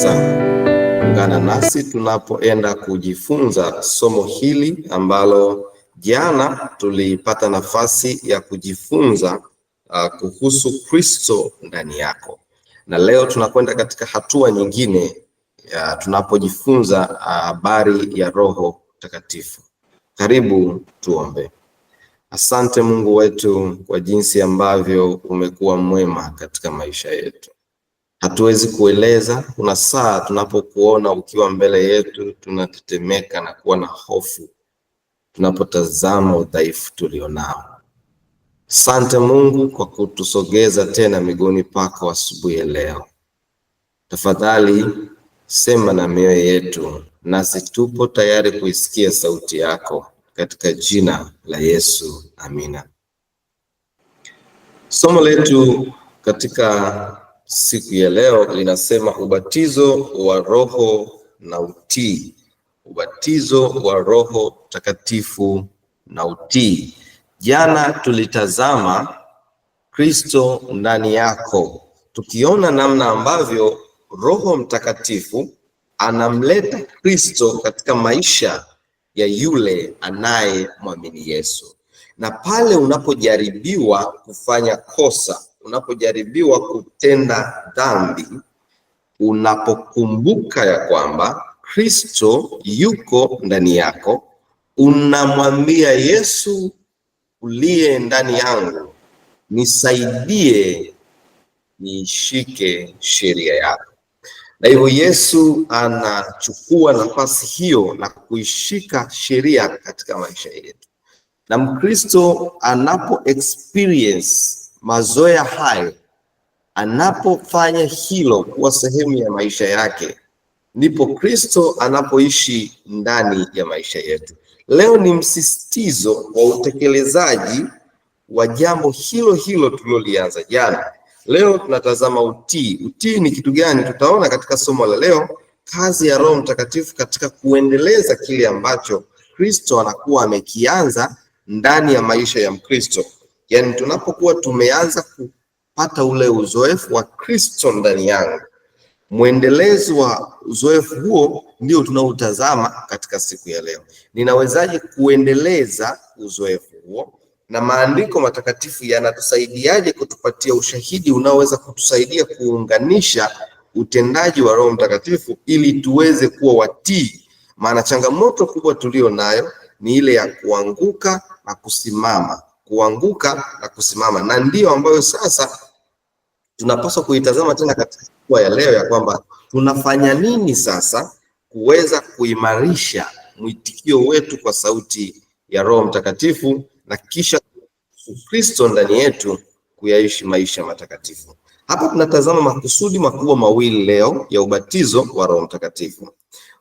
sasa. Ungana nasi tunapoenda kujifunza somo hili ambalo jana tulipata nafasi ya kujifunza uh, kuhusu Kristo ndani yako, na leo tunakwenda katika hatua nyingine ya tunapojifunza uh, habari uh, ya Roho Mtakatifu. Karibu tuombe. Asante Mungu wetu kwa jinsi ambavyo umekuwa mwema katika maisha yetu hatuwezi kueleza. Kuna saa tunapokuona ukiwa mbele yetu tunatetemeka na kuwa na hofu tunapotazama udhaifu tulionao. sante Mungu kwa kutusogeza tena miguuni pako asubuhi ya leo. Tafadhali sema na mioyo yetu, nasi tupo tayari kuisikia sauti yako, katika jina la Yesu, amina. Somo letu katika siku ya leo linasema ubatizo wa Roho na utii, ubatizo wa Roho Mtakatifu na utii. Jana tulitazama Kristo ndani yako, tukiona namna ambavyo Roho Mtakatifu anamleta Kristo katika maisha ya yule anayemwamini Yesu, na pale unapojaribiwa kufanya kosa unapojaribiwa kutenda dhambi, unapokumbuka ya kwamba Kristo yuko ndani yako, unamwambia Yesu uliye ndani yangu, nisaidie niishike sheria yako. Na hivyo Yesu anachukua nafasi hiyo na kuishika sheria katika maisha yetu, na Mkristo anapo experience mazoea hayo, anapofanya hilo kuwa sehemu ya maisha yake, ndipo Kristo anapoishi ndani ya maisha yetu. Leo ni msisitizo wa utekelezaji wa jambo hilo hilo tulilolianza jana. Leo tunatazama utii. Utii ni kitu gani? Tutaona katika somo la leo kazi ya Roho Mtakatifu katika kuendeleza kile ambacho Kristo anakuwa amekianza ndani ya maisha ya Mkristo. Yani tunapokuwa tumeanza kupata ule uzoefu wa Kristo ndani yangu, mwendelezo wa uzoefu huo ndio tunautazama katika siku ya leo. Ninawezaje kuendeleza uzoefu huo, na maandiko matakatifu yanatusaidiaje kutupatia ushahidi unaoweza kutusaidia kuunganisha utendaji wa Roho Mtakatifu ili tuweze kuwa watii. Maana changamoto kubwa tulio nayo ni ile ya kuanguka na kusimama kuanguka na kusimama, na ndiyo ambayo sasa tunapaswa kuitazama tena katika siku ya leo ya kwamba tunafanya nini sasa kuweza kuimarisha mwitikio wetu kwa sauti ya Roho Mtakatifu na kisha Kristo ndani yetu kuyaishi maisha matakatifu. Hapa tunatazama makusudi makubwa mawili leo ya ubatizo wa Roho Mtakatifu.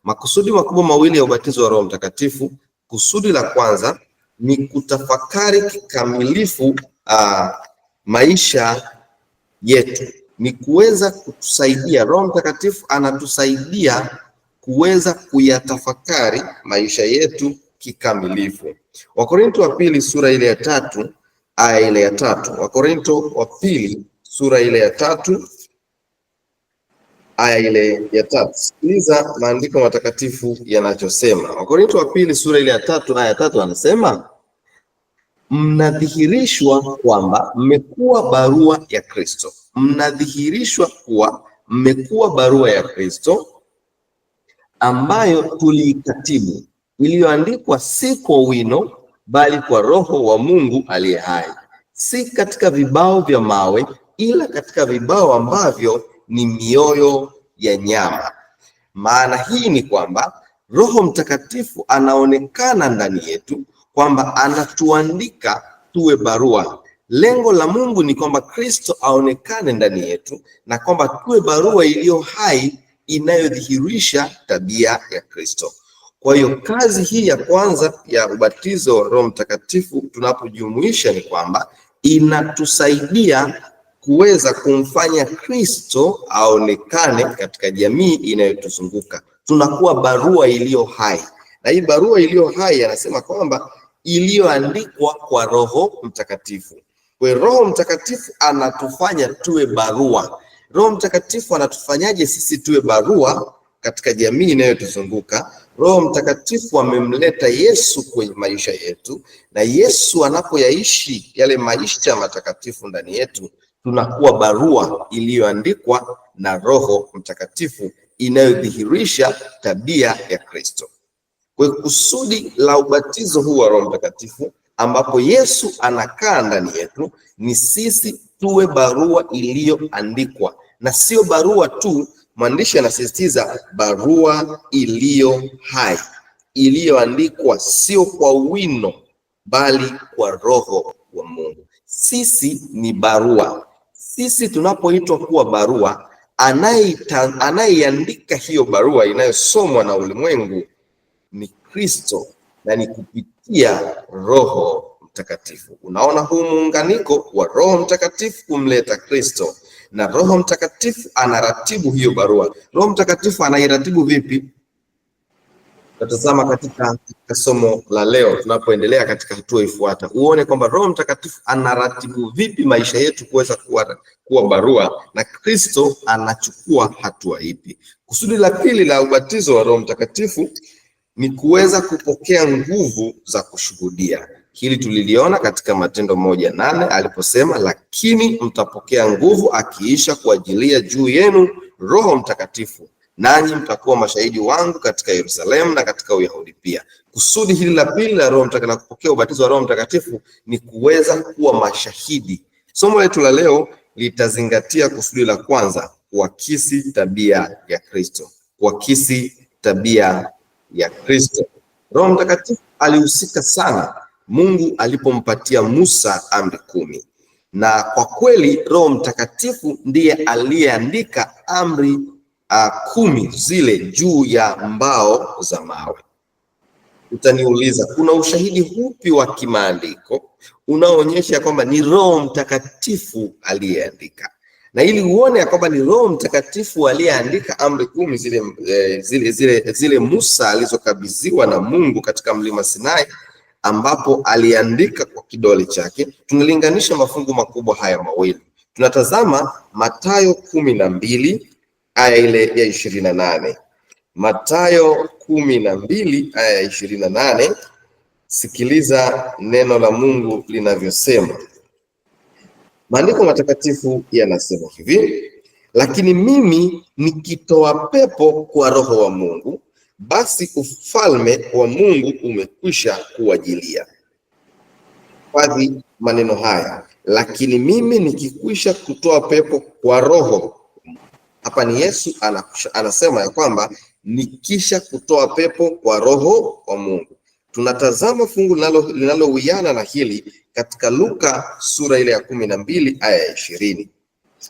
Makusudi makubwa mawili ya ubatizo wa Roho Mtakatifu. Kusudi la kwanza ni kutafakari kikamilifu uh, maisha yetu, ni kuweza kutusaidia. Roho Mtakatifu anatusaidia kuweza kuyatafakari maisha yetu kikamilifu. Wakorinto wa pili sura ile ya tatu aya ah, ile ya tatu. Wakorinto wa pili sura ile ya tatu aya ah, ile ya tatu. Sikiliza maandiko matakatifu yanachosema. Wakorinto wa pili sura ile ya tatu aya ya tatu anasema mnadhihirishwa kwamba mmekuwa barua ya Kristo, mnadhihirishwa kuwa mmekuwa barua ya Kristo ambayo tuliikatibu, iliyoandikwa si kwa wino, bali kwa Roho wa Mungu aliye hai, si katika vibao vya mawe, ila katika vibao ambavyo ni mioyo ya nyama. Maana hii ni kwamba Roho Mtakatifu anaonekana ndani yetu kwamba anatuandika tuwe barua. Lengo la Mungu ni kwamba Kristo aonekane ndani yetu na kwamba tuwe barua iliyo hai inayodhihirisha tabia ya Kristo. Kwa hiyo kazi hii ya kwanza ya ubatizo wa Roho Mtakatifu tunapojumuisha ni kwamba inatusaidia kuweza kumfanya Kristo aonekane katika jamii inayotuzunguka. Tunakuwa barua iliyo hai, na hii barua iliyo hai anasema kwamba iliyoandikwa kwa Roho Mtakatifu. Kwa Roho Mtakatifu anatufanya tuwe barua. Roho Mtakatifu anatufanyaje sisi tuwe barua katika jamii inayotuzunguka? Roho Mtakatifu amemleta Yesu kwenye maisha yetu, na Yesu anapoyaishi yale maisha matakatifu ndani yetu, tunakuwa barua iliyoandikwa na Roho Mtakatifu inayodhihirisha tabia ya Kristo. Kwa kusudi la ubatizo huu wa Roho Mtakatifu ambapo Yesu anakaa ndani yetu ni sisi tuwe barua iliyoandikwa na sio barua tu. Mwandishi anasisitiza barua iliyo hai, iliyoandikwa sio kwa wino, bali kwa Roho wa Mungu. Sisi ni barua. Sisi tunapoitwa kuwa barua, anayeiandika hiyo barua inayosomwa na ulimwengu ni Kristo na ni kupitia Roho Mtakatifu. Unaona huu muunganiko wa Roho Mtakatifu kumleta Kristo na Roho Mtakatifu anaratibu hiyo barua. Roho Mtakatifu anairatibu vipi? Tutazama katika, katika somo la leo tunapoendelea katika hatua ifuata, uone kwamba Roho Mtakatifu anaratibu vipi maisha yetu kuweza kuwa, kuwa barua na Kristo anachukua hatua ipi. Kusudi la pili la ubatizo wa Roho Mtakatifu ni kuweza kupokea nguvu za kushuhudia. Hili tuliliona katika Matendo moja nane aliposema, lakini mtapokea nguvu akiisha kuajilia juu yenu Roho Mtakatifu, nanyi mtakuwa mashahidi wangu katika Yerusalemu na katika Uyahudi pia. Kusudi hili la pili la Roho Mtakatifu, kupokea ubatizo wa Roho Mtakatifu ni kuweza kuwa mashahidi. Somo letu la leo litazingatia kusudi la kwanza, kuakisi tabia ya Kristo, kuakisi tabia ya Kristo. Roho Mtakatifu alihusika sana Mungu alipompatia Musa amri kumi, na kwa kweli Roho Mtakatifu ndiye aliyeandika amri uh, kumi zile juu ya mbao za mawe. Utaniuliza, kuna ushahidi hupi wa kimaandiko unaoonyesha kwamba ni Roho Mtakatifu aliyeandika? na ili uone kwamba ni Roho Mtakatifu aliyeandika amri kumi zile, eh, zile, zile, zile Musa alizokabidhiwa na Mungu katika mlima Sinai ambapo aliandika kwa kidole chake. Tunalinganisha mafungu makubwa haya mawili, tunatazama Mathayo kumi na mbili aya ile ya ishirini na nane Mathayo kumi na mbili aya ya ishirini na nane Sikiliza neno la Mungu linavyosema. Maandiko matakatifu yanasema hivi: lakini mimi nikitoa pepo kwa Roho wa Mungu, basi ufalme wa Mungu umekwisha kuwajilia. Hifadhi maneno haya, lakini mimi nikikwisha kutoa pepo kwa Roho. Hapa ni Yesu anasema ya kwamba nikisha kutoa pepo kwa Roho wa Mungu. Tunatazama fungu linalowiana na hili katika Luka sura ile ya kumi na mbili aya ya ishirini.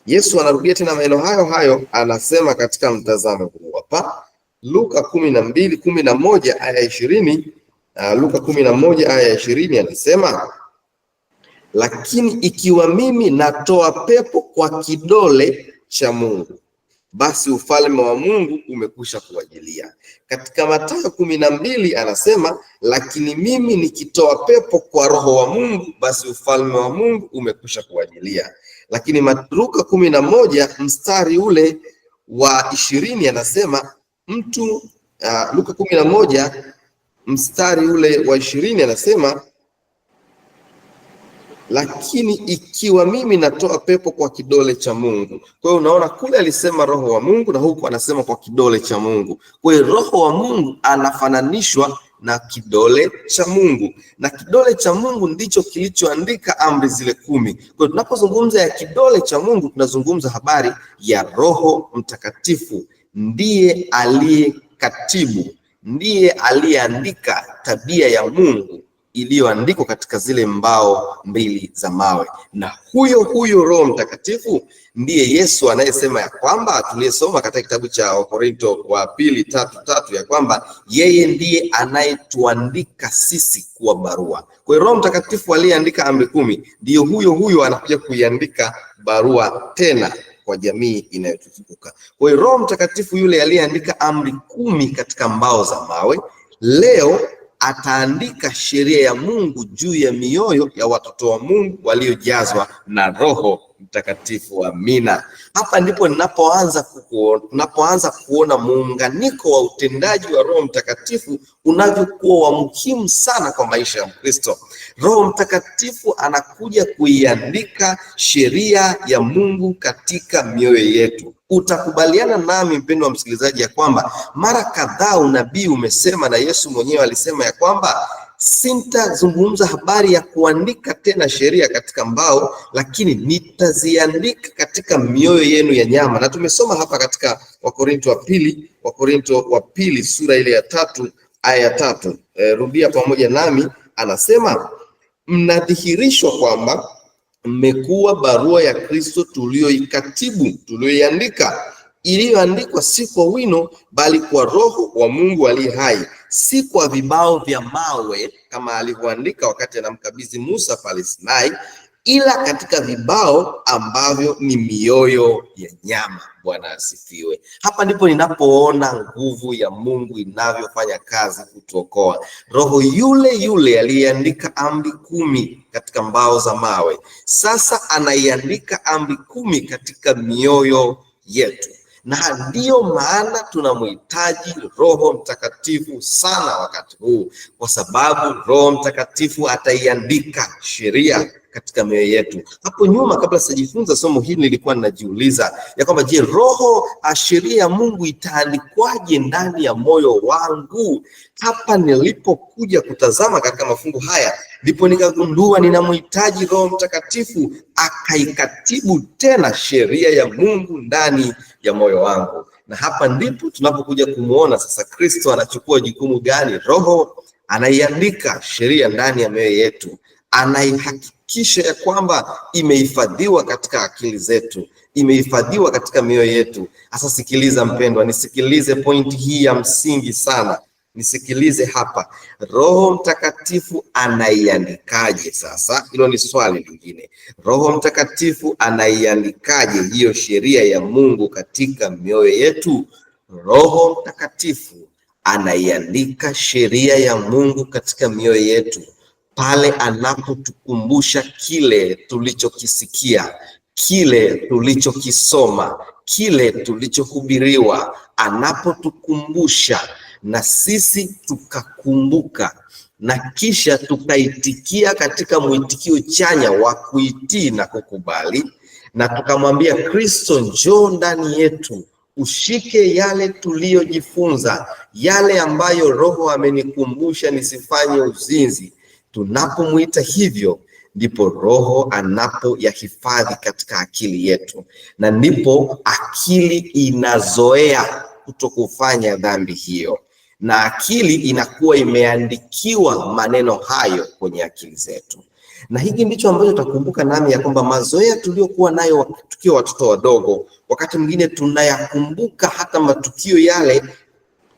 Yesu anarudia tena maneno hayo hayo, anasema katika mtazamo huu hapa, Luka kumi na mbili kumi na moja aya ya ishirini. Luka kumi na moja aya ya ishirini anasema lakini ikiwa mimi natoa pepo kwa kidole cha Mungu basi ufalme wa Mungu umekwisha kuwajilia. Katika Mathayo kumi na mbili anasema, lakini mimi nikitoa pepo kwa Roho wa Mungu, basi ufalme wa Mungu umekwisha kuwajilia. Lakini ah, Luka kumi na moja mstari ule wa ishirini anasema mtu uh, Luka kumi na moja mstari ule wa ishirini anasema lakini ikiwa mimi natoa pepo kwa kidole cha Mungu. Kwa hiyo unaona kule alisema roho wa Mungu na huku anasema kwa kidole cha Mungu. Kwa hiyo roho wa Mungu anafananishwa na kidole cha Mungu, na kidole cha Mungu ndicho kilichoandika amri zile kumi. Kwa hiyo tunapozungumza ya kidole cha Mungu, tunazungumza habari ya Roho Mtakatifu, ndiye aliyekatibu, ndiye aliyeandika tabia ya Mungu iliyoandikwa katika zile mbao mbili za mawe. Na huyo huyo Roho Mtakatifu ndiye Yesu anayesema ya kwamba tuliyesoma katika kitabu cha Wakorinto wa pili tatu tatu ya kwamba yeye ndiye anayetuandika sisi kuwa barua. Kwa hiyo Roho Mtakatifu aliyeandika amri kumi ndiyo huyo huyo anakuja kuiandika barua tena kwa jamii inayotuzunguka. Kwa hiyo Roho Mtakatifu yule aliyeandika amri kumi katika mbao za mawe leo ataandika sheria ya Mungu juu ya mioyo ya watoto wa Mungu waliojazwa na Roho Mtakatifu. Amina. Hapa ndipo ninapoanza kuona, kuona muunganiko wa utendaji wa Roho Mtakatifu unavyokuwa wa muhimu sana kwa maisha ya Mkristo. Roho Mtakatifu anakuja kuiandika sheria ya Mungu katika mioyo yetu. Utakubaliana nami mpendo wa msikilizaji, ya kwamba mara kadhaa unabii umesema na Yesu mwenyewe alisema ya kwamba sintazungumza habari ya kuandika tena sheria katika mbao, lakini nitaziandika katika mioyo yenu ya nyama. Na tumesoma hapa katika Wakorinto wa pili, Wakorinto wa pili sura ile ya tatu aya ya tatu. E, rudia pamoja nami, anasema mnadhihirishwa kwamba mmekuwa barua ya Kristo tuliyoikatibu, tuliyoiandika, iliyoandikwa si kwa wino, bali kwa Roho wa Mungu aliye hai, si kwa vibao vya mawe, kama alivyoandika wakati anamkabidhi Musa pale Sinai, ila katika vibao ambavyo ni mioyo ya nyama. Bwana asifiwe. Hapa ndipo ninapoona nguvu ya Mungu inavyofanya kazi kutuokoa. Roho yule yule aliyeandika amri kumi katika mbao za mawe, sasa anaiandika amri kumi katika mioyo yetu, na ndiyo maana tunamhitaji Roho Mtakatifu sana wakati huu, kwa sababu Roho Mtakatifu ataiandika sheria katika mioyo yetu. Hapo nyuma, kabla sijajifunza somo hili, nilikuwa ninajiuliza ya kwamba je, roho ashiria ah, Mungu itaandikwaje ndani ya moyo wangu? Hapa nilipokuja kutazama katika mafungu haya, ndipo nikagundua ninamhitaji Roho Mtakatifu akaikatibu tena sheria ya Mungu ndani ya moyo wangu, na hapa ndipo tunapokuja kumwona sasa Kristo anachukua jukumu gani. Roho anaiandika sheria ndani ya mioyo yetu anaihakikisha ya kwamba imehifadhiwa katika akili zetu, imehifadhiwa katika mioyo yetu. Sasa sikiliza mpendwa, nisikilize pointi hii ya msingi sana, nisikilize hapa. Roho Mtakatifu anaiandikaje? Sasa hilo ni swali lingine. Roho Mtakatifu anaiandikaje hiyo sheria ya Mungu katika mioyo yetu? Roho Mtakatifu anaiandika sheria ya Mungu katika mioyo yetu pale anapotukumbusha kile tulichokisikia, kile tulichokisoma, kile tulichohubiriwa, anapotukumbusha na sisi tukakumbuka na kisha tukaitikia katika mwitikio chanya wa kuitii na kukubali, na tukamwambia Kristo, njoo ndani yetu, ushike yale tuliyojifunza, yale ambayo Roho amenikumbusha nisifanye uzinzi Tunapomwita hivyo ndipo Roho anapoyahifadhi katika akili yetu, na ndipo akili inazoea kutokufanya dhambi hiyo, na akili inakuwa imeandikiwa maneno hayo kwenye akili zetu. Na hiki ndicho ambacho tutakumbuka nami ya kwamba mazoea tuliyokuwa nayo tukiwa watoto wadogo, wakati mwingine tunayakumbuka hata matukio yale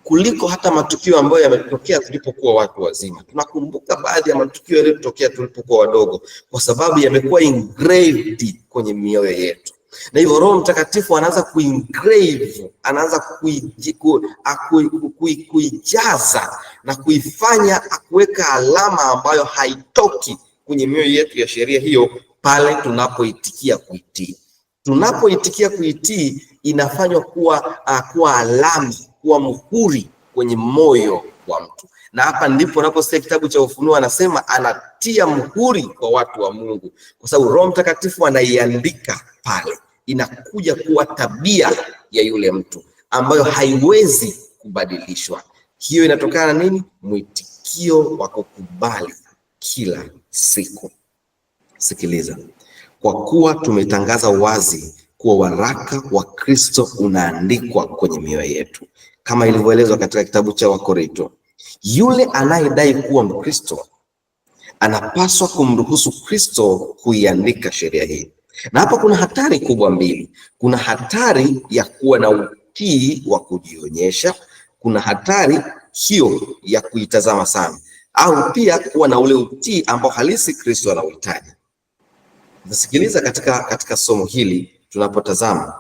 kuliko hata matukio ambayo yametokea tulipokuwa watu wazima. Tunakumbuka baadhi ya matukio yaliyotokea tulipokuwa wadogo, kwa sababu yamekuwa engraved kwenye mioyo yetu, na hivyo Roho Mtakatifu anaanza kuengrave, anaanza kuijaza kui, kui, kui na kuifanya akuweka alama ambayo haitoki kwenye mioyo yetu ya sheria hiyo, pale tunapoitikia kuitii. Tunapoitikia kuitii inafanywa kuwa, uh, kuwa alama kuwa muhuri kwenye moyo wa mtu, na hapa ndipo unaposikia kitabu cha Ufunuo anasema anatia muhuri kwa watu wa Mungu, kwa sababu Roho Mtakatifu anaiandika pale, inakuja kuwa tabia ya yule mtu ambayo haiwezi kubadilishwa. Hiyo inatokana na nini? Mwitikio wa kukubali kila siku. Sikiliza, kwa kuwa tumetangaza wazi kuwa waraka wa Kristo unaandikwa kwenye mioyo yetu, kama ilivyoelezwa katika kitabu cha Wakorinto. Yule anayedai kuwa Mkristo anapaswa kumruhusu Kristo kuiandika sheria hii, na hapa kuna hatari kubwa mbili. Kuna hatari ya kuwa na utii wa kujionyesha, kuna hatari hiyo ya kuitazama sana, au pia kuwa na ule utii ambao halisi Kristo anauhitaji. Nasikiliza katika, katika somo hili tunapotazama,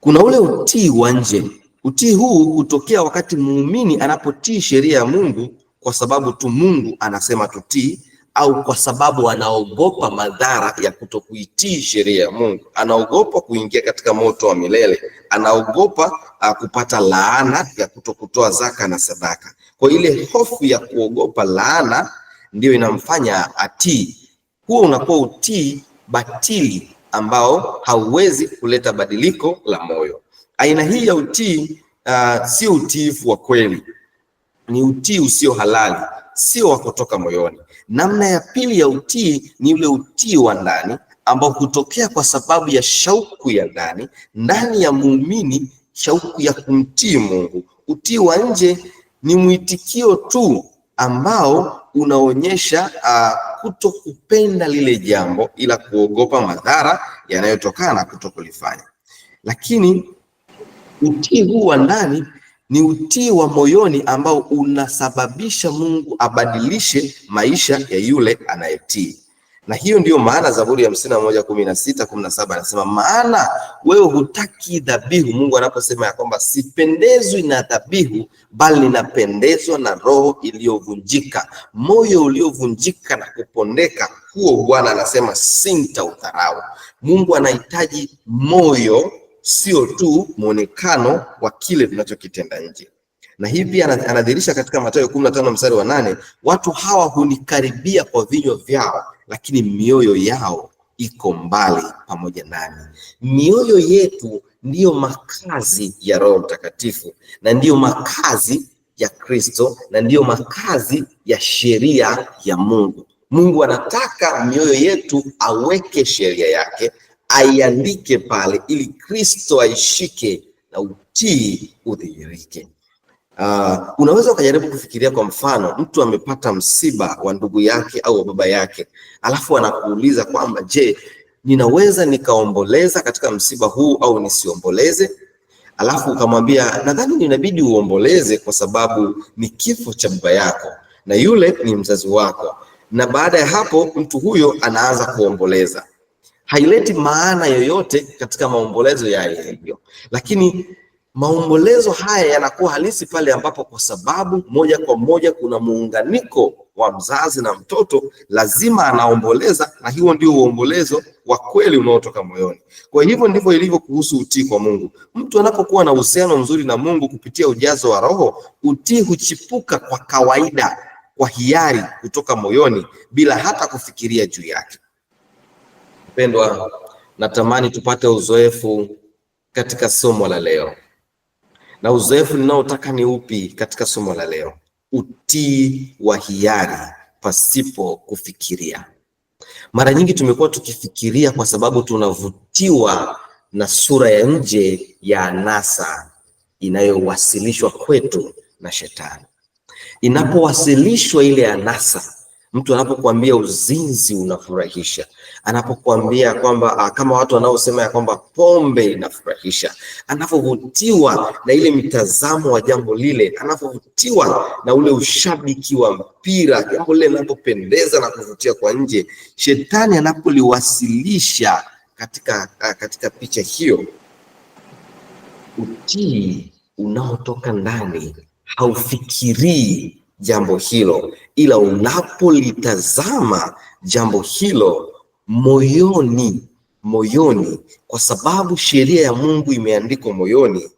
kuna ule utii wa nje Utii huu hutokea wakati muumini anapotii sheria ya Mungu kwa sababu tu Mungu anasema tutii, au kwa sababu anaogopa madhara ya kutokuitii sheria ya Mungu. Anaogopa kuingia katika moto wa milele, anaogopa uh, kupata laana ya kutokutoa zaka na sadaka. Kwa ile hofu ya kuogopa laana ndiyo inamfanya atii. Huo unakuwa utii batili ambao hauwezi kuleta badiliko la moyo. Aina hii ya utii uh, sio utiifu wa kweli, ni utii usio halali, sio wa kutoka moyoni. Namna ya pili ya utii ni ule utii wa ndani ambao hutokea kwa sababu ya shauku ya ndani ndani ya muumini, shauku ya kumtii Mungu. Utii wa nje ni mwitikio tu ambao unaonyesha uh, kuto kupenda lile jambo ila kuogopa madhara yanayotokana na kuto kulifanya. Lakini Utii huu wa ndani ni utii wa moyoni ambao unasababisha Mungu abadilishe maisha ya yule anayetii, na hiyo ndiyo maana Zaburi ya hamsini na moja kumi na sita kumi na saba anasema, maana wewe hutaki dhabihu. Mungu anaposema ya kwamba sipendezwi na dhabihu, bali ninapendezwa na roho iliyovunjika, moyo uliovunjika na kupondeka, huo Bwana anasema sintaudharau. Mungu anahitaji moyo sio tu muonekano wa kile tunachokitenda nje. Na hii pia anadhihirisha katika Mathayo kumi na tano mstari wa nane watu hawa hunikaribia kwa vinywa vyao, lakini mioyo yao iko mbali pamoja nami. Mioyo yetu ndiyo makazi ya Roho Mtakatifu na ndiyo makazi ya Kristo na ndiyo makazi ya sheria ya Mungu. Mungu anataka mioyo yetu aweke sheria yake aiandike pale, ili Kristo aishike na utii udhihirike. Uh, unaweza ukajaribu kufikiria kwa mfano, mtu amepata msiba wa ndugu yake au wa baba yake, alafu anakuuliza kwamba je, ninaweza nikaomboleza katika msiba huu au nisiomboleze? Alafu ukamwambia nadhani inabidi uomboleze kwa sababu ni kifo cha baba yako na yule ni mzazi wako. Na baada ya hapo mtu huyo anaanza kuomboleza haileti maana yoyote katika maombolezo ya Elio, lakini maombolezo haya yanakuwa halisi pale ambapo kwa sababu moja kwa moja kuna muunganiko wa mzazi na mtoto, lazima anaomboleza, na hiyo ndio uombolezo wa kweli unaotoka moyoni. Kwa hivyo ndivyo ilivyo kuhusu utii kwa Mungu. Mtu anapokuwa na uhusiano mzuri na Mungu kupitia ujazo wa Roho, utii huchipuka kwa kawaida, kwa hiari, kutoka moyoni bila hata kufikiria juu yake mpendwa, natamani tupate uzoefu katika somo la leo, na uzoefu ninaotaka ni upi katika somo la leo? Utii wa hiari pasipo kufikiria. Mara nyingi tumekuwa tukifikiria kwa sababu tunavutiwa na sura ya nje ya anasa inayowasilishwa kwetu na Shetani. Inapowasilishwa ile anasa Mtu anapokuambia uzinzi unafurahisha, anapokuambia kwamba ah, kama watu wanaosema ya kwamba pombe inafurahisha, anapovutiwa na ile mitazamo wa jambo lile, anapovutiwa na ule ushabiki wa mpira, jambo lile linapopendeza na kuvutia kwa nje, shetani anapoliwasilisha katika, ah, katika picha hiyo, utii unaotoka ndani haufikirii jambo hilo, ila unapolitazama jambo hilo moyoni, moyoni, kwa sababu sheria ya Mungu imeandikwa moyoni,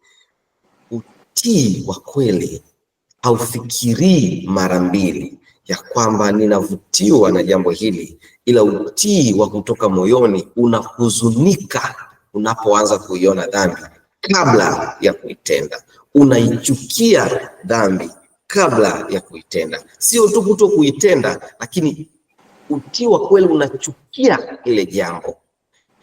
utii wa kweli haufikirii mara mbili ya kwamba ninavutiwa na jambo hili, ila utii wa kutoka moyoni unahuzunika unapoanza kuiona dhambi kabla ya kuitenda, unaichukia dhambi kabla ya kuitenda, sio tu kuto kuitenda, lakini utiwa kweli unachukia ile jambo.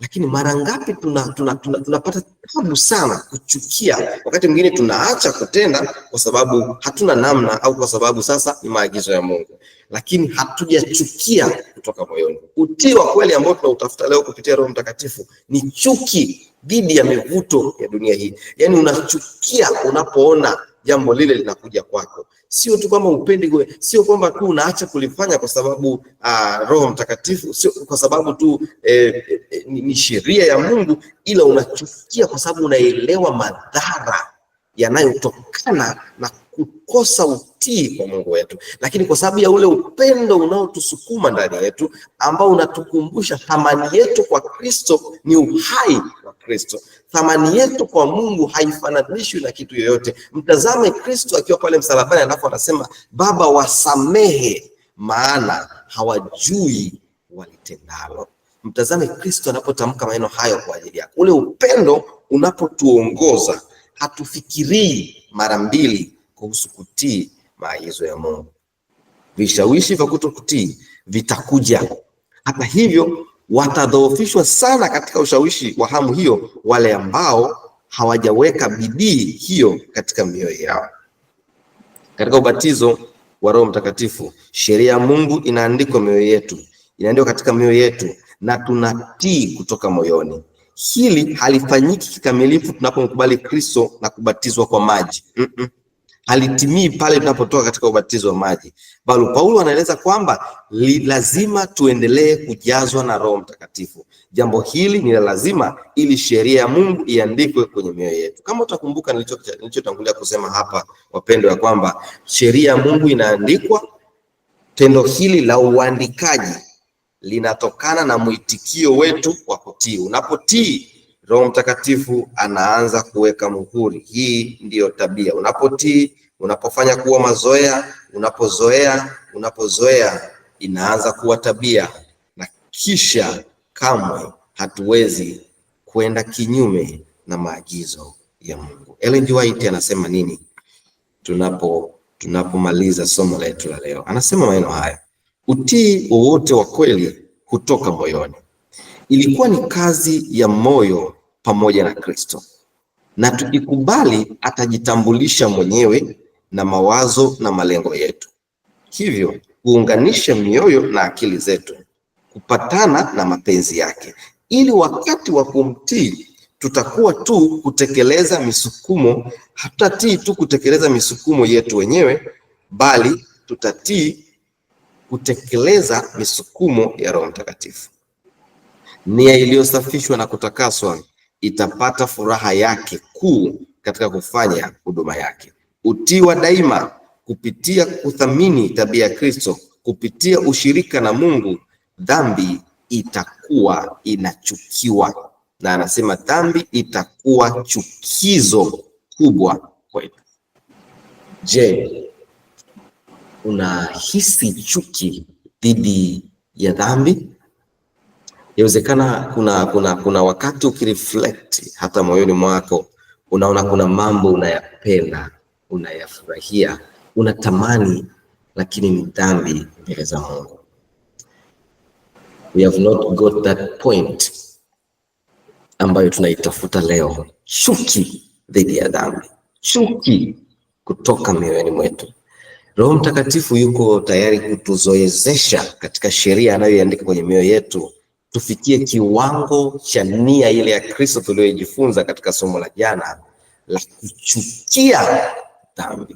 Lakini mara ngapi tunapata tuna, tuna, tuna, tuna tabu sana kuchukia. Wakati mwingine tunaacha kutenda kwa sababu hatuna namna, au kwa sababu sasa ni maagizo ya Mungu, lakini hatujachukia kutoka moyoni. Utii wa kweli ambao tunautafuta leo kupitia Roho Mtakatifu ni chuki dhidi ya mivuto ya dunia hii, yaani unachukia unapoona jambo lile linakuja kwako. Sio tu kwamba upendi, sio kwamba tu unaacha kulifanya kwa sababu uh, Roho Mtakatifu, sio kwa sababu tu eh, eh, eh ni sheria ya Mungu, ila unachukia kwa sababu unaelewa madhara yanayotokana na kukosa kutii kwa Mungu wetu, lakini kwa sababu ya ule upendo unaotusukuma ndani yetu ambao unatukumbusha thamani yetu kwa Kristo ni uhai wa Kristo. Thamani yetu kwa Mungu haifananishwi na kitu yoyote. Mtazame Kristo akiwa pale msalabani, alafu anasema Baba, wasamehe maana hawajui walitendalo. Mtazame Kristo anapotamka maneno hayo kwa ajili yako. Ule upendo unapotuongoza hatufikirii mara mbili kuhusu kutii maagizo ya Mungu. Vishawishi vya kutokutii vitakuja. Hata hivyo, watadhoofishwa sana katika ushawishi wa hamu hiyo wale ambao hawajaweka bidii hiyo katika mioyo yao. Katika ubatizo wa Roho Mtakatifu, sheria ya Mungu inaandikwa mioyo yetu, inaandikwa katika mioyo yetu na tunatii kutoka moyoni. Hili halifanyiki kikamilifu tunapomkubali Kristo na kubatizwa kwa maji mm -mm halitimii pale tunapotoka katika ubatizo wa maji, bali Paulo anaeleza kwamba lazima tuendelee kujazwa na Roho Mtakatifu. Jambo hili ni la lazima ili sheria ya Mungu iandikwe kwenye mioyo yetu. Kama utakumbuka nilichotangulia kusema hapa, wapendwa, ya kwamba sheria ya Mungu inaandikwa. Tendo hili la uandikaji linatokana na mwitikio wetu wa kutii. Unapotii Roho Mtakatifu anaanza kuweka muhuri. Hii ndiyo tabia. Unapotii, unapofanya kuwa mazoea, unapozoea, unapozoea inaanza kuwa tabia, na kisha kamwe hatuwezi kwenda kinyume na maagizo ya Mungu. Ellen G. White anasema nini tunapo tunapomaliza somo letu la leo? Anasema maneno haya: utii wowote wa kweli hutoka moyoni. Ilikuwa ni kazi ya moyo pamoja na Kristo, na tukikubali atajitambulisha mwenyewe na mawazo na malengo yetu, hivyo kuunganisha mioyo na akili zetu kupatana na mapenzi yake, ili wakati wa kumtii tutakuwa tu kutekeleza misukumo, hatutatii tu kutekeleza misukumo yetu wenyewe, bali tutatii kutekeleza misukumo ya Roho Mtakatifu. Nia iliyosafishwa na kutakaswa itapata furaha yake kuu katika kufanya huduma yake. Utiwa daima kupitia kuthamini tabia ya Kristo, kupitia ushirika na Mungu, dhambi itakuwa inachukiwa, na anasema dhambi itakuwa chukizo kubwa kwetu. Je, unahisi chuki dhidi ya dhambi? Yawezekana kuna, kuna, kuna wakati ukireflect hata moyoni mwako unaona kuna mambo unayapenda, unayafurahia, unatamani, lakini ni dhambi mbele za Mungu. We have not got that point ambayo tunaitafuta leo, chuki dhidi ya dhambi, chuki kutoka mioyoni mwetu. Roho Mtakatifu yuko tayari kutuzoezesha katika sheria anayoiandika kwenye mioyo yetu tufikie kiwango cha nia ile ya Kristo tuliyojifunza katika somo la jana la kuchukia dhambi,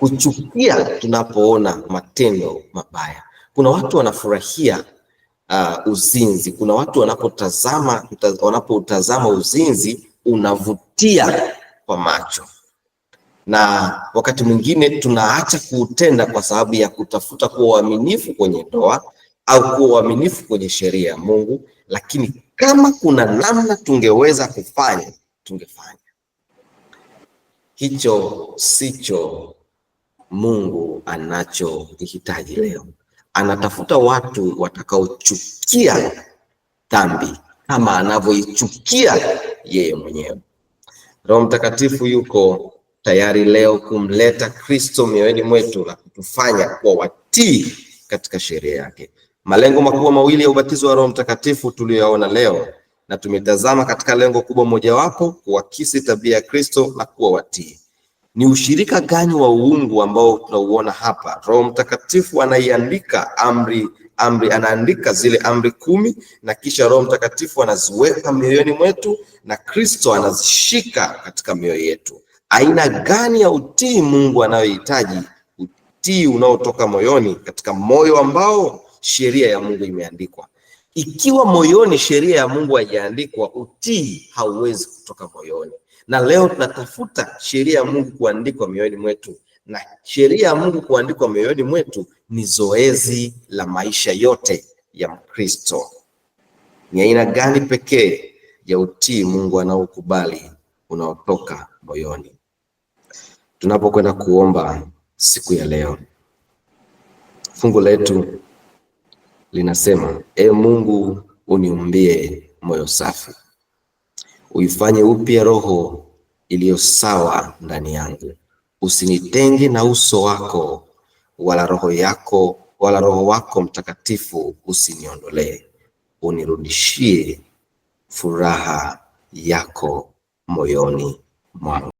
kuchukia tunapoona matendo mabaya. Kuna watu wanafurahia uh, uzinzi. Kuna watu wanapotazama wanapoutazama uzinzi unavutia kwa macho, na wakati mwingine tunaacha kuutenda kwa sababu ya kutafuta kuwa waaminifu kwenye ndoa au kuwa uaminifu kwenye sheria ya Mungu, lakini kama kuna namna tungeweza kufanya tungefanya. Hicho sicho Mungu anachokihitaji leo. Anatafuta watu watakaochukia dhambi kama anavyoichukia yeye mwenyewe. Roho Mtakatifu yuko tayari leo kumleta Kristo mioyoni mwetu na kutufanya kuwa watii katika sheria yake. Malengo makubwa mawili ya ubatizo wa Roho Mtakatifu tuliyoyaona leo na tumetazama katika lengo kubwa mojawapo, kuakisi tabia ya Kristo na kuwa watii. Ni ushirika gani wa uungu ambao tunauona hapa? Roho Mtakatifu anaiandika amri amri anaandika zile amri kumi na kisha Roho Mtakatifu anaziweka mioyoni mwetu na Kristo anazishika katika mioyo yetu. Aina gani ya utii Mungu anayohitaji? Utii unaotoka moyoni, katika moyo ambao sheria ya Mungu imeandikwa. Ikiwa moyoni sheria ya Mungu haijaandikwa, utii hauwezi kutoka moyoni. Na leo tunatafuta sheria ya Mungu kuandikwa mioyoni mwetu, na sheria ya Mungu kuandikwa mioyoni mwetu ni zoezi la maisha yote ya Mkristo. Ni aina gani pekee ya utii Mungu anaokubali unaotoka moyoni? Tunapokwenda kuomba siku ya leo, fungu letu linasema: E Mungu, uniumbie moyo safi, uifanye upya roho iliyo sawa ndani yangu, usinitenge na uso wako, wala roho yako wala roho wako Mtakatifu usiniondolee, unirudishie furaha yako moyoni mwangu.